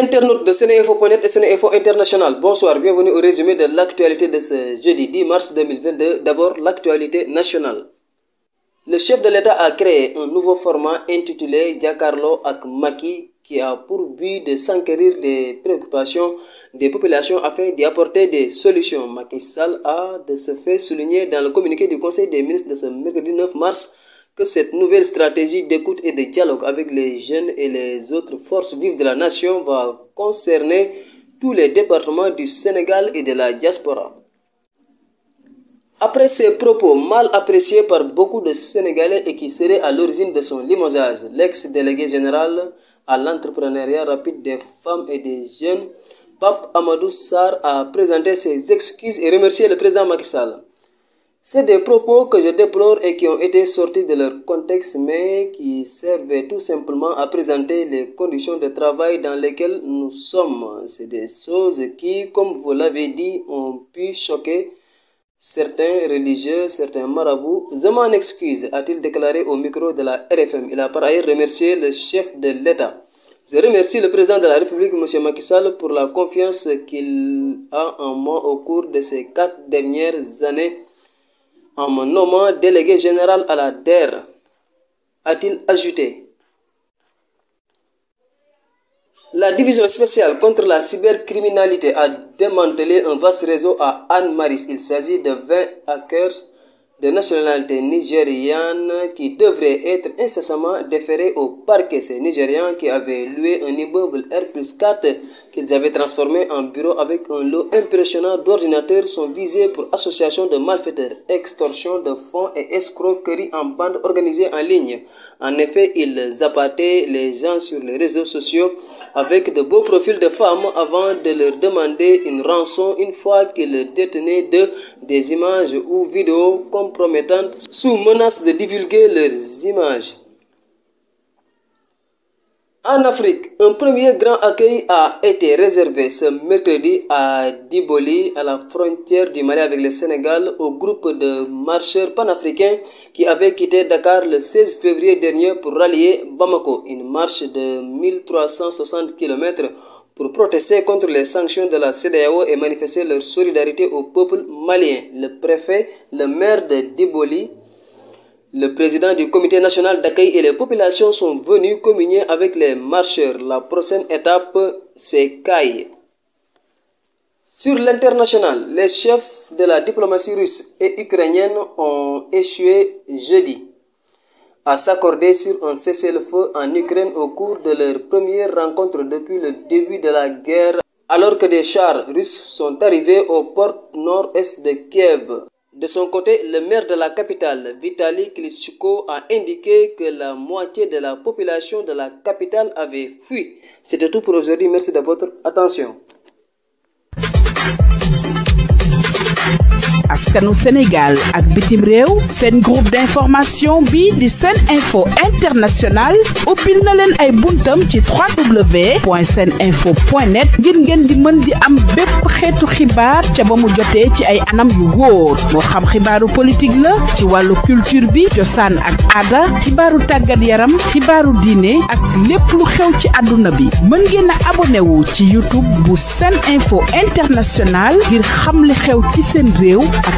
Internautes de Sénéinfo.net et Sénéinfo International, bonsoir, bienvenue au résumé de l'actualité de l'actualité nationale. Le chef de l'État a créé un nouveau format intitulé Jakarlo ak Maki qui a pour but des préoccupations des de ce fait souligné dans le communiqué du Conseil des ministres de ce mercredi 9 mars que cette nouvelle stratégie d'écoute et de dialogue avec les jeunes et les autres forces vives de la nation va concerner tous les départements du Sénégal et de la diaspora. Après ces propos mal appréciés par beaucoup de Sénégalais et qui seraient à l'origine de son limogeage, l'ex-délégué général à l'entrepreneuriat rapide des femmes et des jeunes, Pape Amadou Sarr a présenté ses excuses et remercier le président Macky Sall. C'est des propos que je déplore et qui ont été sortis de leur contexte mais qui servaient tout simplement à présenter les conditions de travail dans lesquelles nous sommes. C'est des choses qui, comme vous l'avez dit, ont pu choquer certains religieux, certains marabouts. Je m'en excuse, a-t-il déclaré au micro de la RFM. Il a par ailleurs remercié le chef de l'État. Je remercie le président de la République, M. Macky Sall, pour la confiance qu'il a un moi au cours de ces quatre dernières années en me nommant délégué général à la division spéciale contre la cybercriminalité a démantelé un vaste réseau à Anne-Maris. Il s'agit de 20 hackers de nationalité nigériane qui devraient être incessamment déférés au parquet. Nigérians qui avaient loué un immeuble R qu'ils avaient transformé en bureau avec un lot impressionnant d'ordinateurs sont visés pour association de malfaiteurs, extorsion de fonds et escroquerie en bande organisée en ligne. En effet, ils appâtaient les gens sur les réseaux sociaux avec de beaux profils de femmes avant de leur demander une rançon une fois qu'ils détenaient de, des images ou vidéos compromettantes sous menace de divulguer leurs images. En Afrique, un premier grand accueil a été réservé ce mercredi à Diboli, à la frontière du Mali avec le Sénégal, au groupe de marcheurs panafricains qui avaient quitté Dakar le 16 février dernier pour rallier Bamako, une marche de 1360 km pour protester contre les sanctions de la CDAO et manifester leur solidarité au peuple malien. Le préfet, le maire de Diboli, Le président du comité national d'accueil et les populations sont venus communier avec les marcheurs. La prochaine étape, c'est CAI. Sur l'international, les chefs de la diplomatie russe et ukrainienne ont échoué jeudi à s'accorder sur un cessez-le-feu en Ukraine au cours de leur première rencontre depuis le début de la guerre, alors que des chars russes sont arrivés aux portes nord-est de Kiev. De son côté, le maire de la capitale, Vitali Klitschko, a indiqué que la moitié de la population de la capitale avait fui. C'était tout pour aujourd'hui. Merci de votre attention. askanu Sénégal ak bitim réew seen groupe bi di seen info international ay buntam ci www seen info point ngir ngeen di mën di am bépp xeetu xibaar ca ba mu jotee ci ay anam yu wóor moo xam xibaaru politique la ci wàllu culture bi cosaan ak aada xibaaru tàggat yaram xibaaru diine ak lépp lu xew ci àdduna bi mën ngeen a abonné wu ci YouTube bu seen info international ngir xam li xew ci seen réew ak